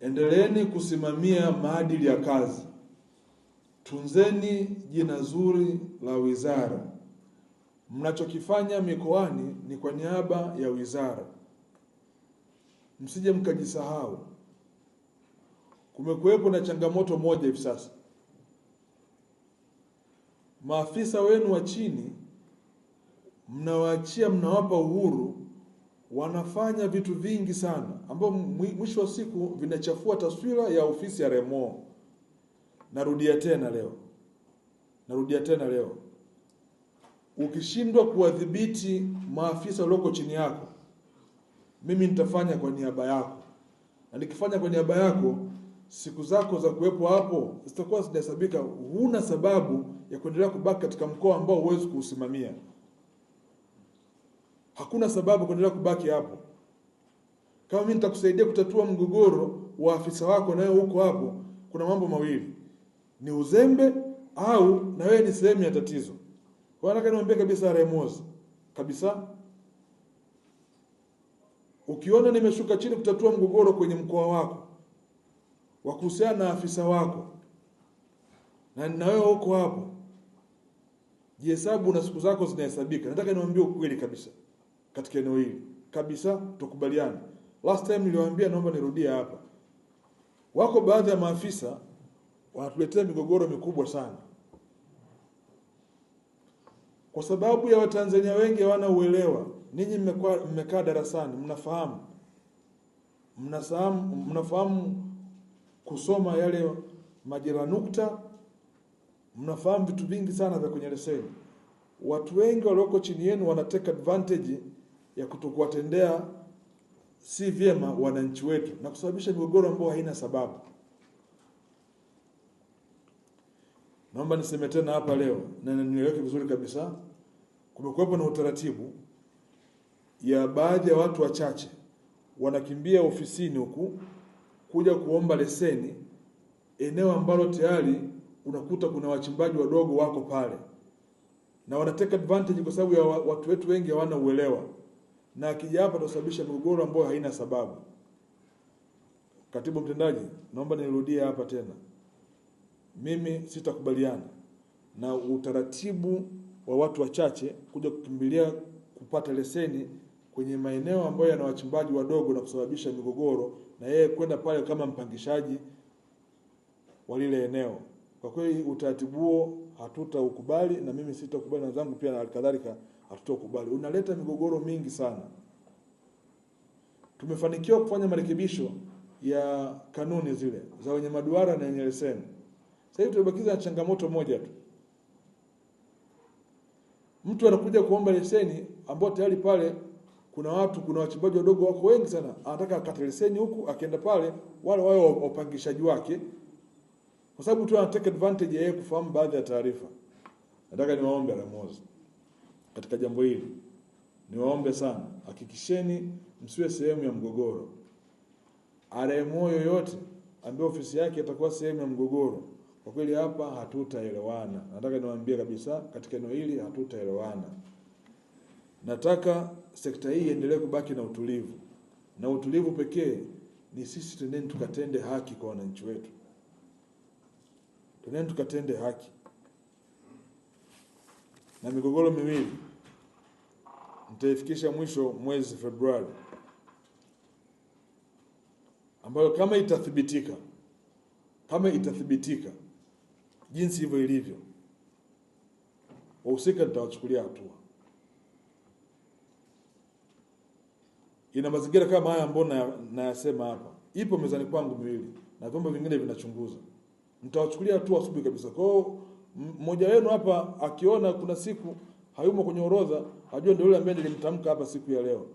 Endeleeni kusimamia maadili ya kazi. Tunzeni jina zuri la wizara. Mnachokifanya mikoani ni kwa niaba ya wizara, msije mkajisahau. Kumekuwepo na changamoto moja hivi sasa, maafisa wenu wa chini mnawaachia, mnawapa uhuru wanafanya vitu vingi sana ambao mwisho wa siku vinachafua taswira ya ofisi ya Remo. Narudia tena leo, narudia tena leo, ukishindwa kuwadhibiti maafisa walioko chini yako, mimi nitafanya kwa niaba yako, na nikifanya kwa niaba yako, siku zako za kuwepo hapo zitakuwa zinahesabika. Huna sababu ya kuendelea kubaki katika mkoa ambao huwezi kuusimamia. Hakuna sababu kuendelea kubaki hapo. Kama mimi nitakusaidia kutatua mgogoro wa afisa wako nawe huko hapo, kuna mambo mawili, ni uzembe au na wewe ni sehemu ya tatizo. Kwa nataka niwaambie kabisa Ramos, kabisa ukiona nimeshuka chini kutatua mgogoro kwenye mkoa wako wa kuhusiana na afisa wako na na wewe huko hapo, jihesabu na siku zako zinahesabika. Nataka niwaambie ukweli kabisa katika eneo hili kabisa, tukubaliane. Last time niliwaambia, naomba nirudie hapa, wako baadhi ya maafisa wanatuletea migogoro mikubwa sana kwa sababu ya Watanzania wengi hawana uelewa. Ninyi mmekaa darasani, mnafahamu mnafahamu mnafahamu kusoma yale majira nukta, mnafahamu vitu vingi sana vya kwenye leseni. Watu wengi walioko chini yenu wanateka advantage ya kutokuwatendea si vyema wananchi wetu na kusababisha migogoro ambayo haina sababu. Naomba niseme tena hapa leo na nieleweke vizuri kabisa, kumekuwepo na utaratibu ya baadhi ya watu wachache wanakimbia ofisini huku kuja kuomba leseni eneo ambalo tayari unakuta kuna wachimbaji wadogo wako pale, na wanateka advantage kwa sababu ya watu wetu wengi hawana uelewa na akija hapa atasababisha migogoro ambayo haina sababu. Katibu mtendaji, naomba nirudie hapa tena, mimi sitakubaliana na utaratibu wa watu wachache kuja kukimbilia kupata leseni kwenye maeneo ambayo yana wachimbaji wadogo na kusababisha migogoro, na yeye kwenda pale kama mpangishaji wa lile eneo. Kwa kweli utaratibu huo hatutaukubali, na mimi sitakubali, na wenzangu pia, na kadhalika hatutokubali. Unaleta migogoro mingi sana. Tumefanikiwa kufanya marekebisho ya kanuni zile za wenye maduara na wenye leseni. Sasa hivi tumebakiza na changamoto moja tu, mtu anakuja kuomba leseni ambao tayari pale kuna watu, kuna wachimbaji wadogo wako wengi sana, anataka akate leseni huku, akienda pale wale wao wapangishaji wake, kwa sababu tu anataka advantage ya yeye kufahamu baadhi ya taarifa. Nataka niwaombe Ramozi katika jambo hili. Niwaombe sana, hakikisheni msiwe sehemu ya mgogoro. RMO yoyote ambaye ofisi yake itakuwa sehemu ya mgogoro, kwa kweli hapa hatutaelewana. Nataka niwaambie kabisa, katika eneo hili hatutaelewana. Nataka sekta hii iendelee kubaki na utulivu, na utulivu pekee ni sisi, twendeni tukatende haki kwa wananchi wetu, twendeni tukatende haki na migogoro miwili nitaifikisha mwisho mwezi Februari, ambayo kama itathibitika, kama itathibitika jinsi hivyo ilivyo, wahusika nitawachukulia hatua. Ina mazingira kama haya ambayo nayasema hapa, ipo mezani kwangu miwili na vyombo vingine vinachunguza, nitawachukulia hatua asubuhi kabisa kwao mmoja wenu hapa akiona kuna siku hayumo kwenye orodha, hajua ndio yule ambaye nilimtamka hapa siku ya leo.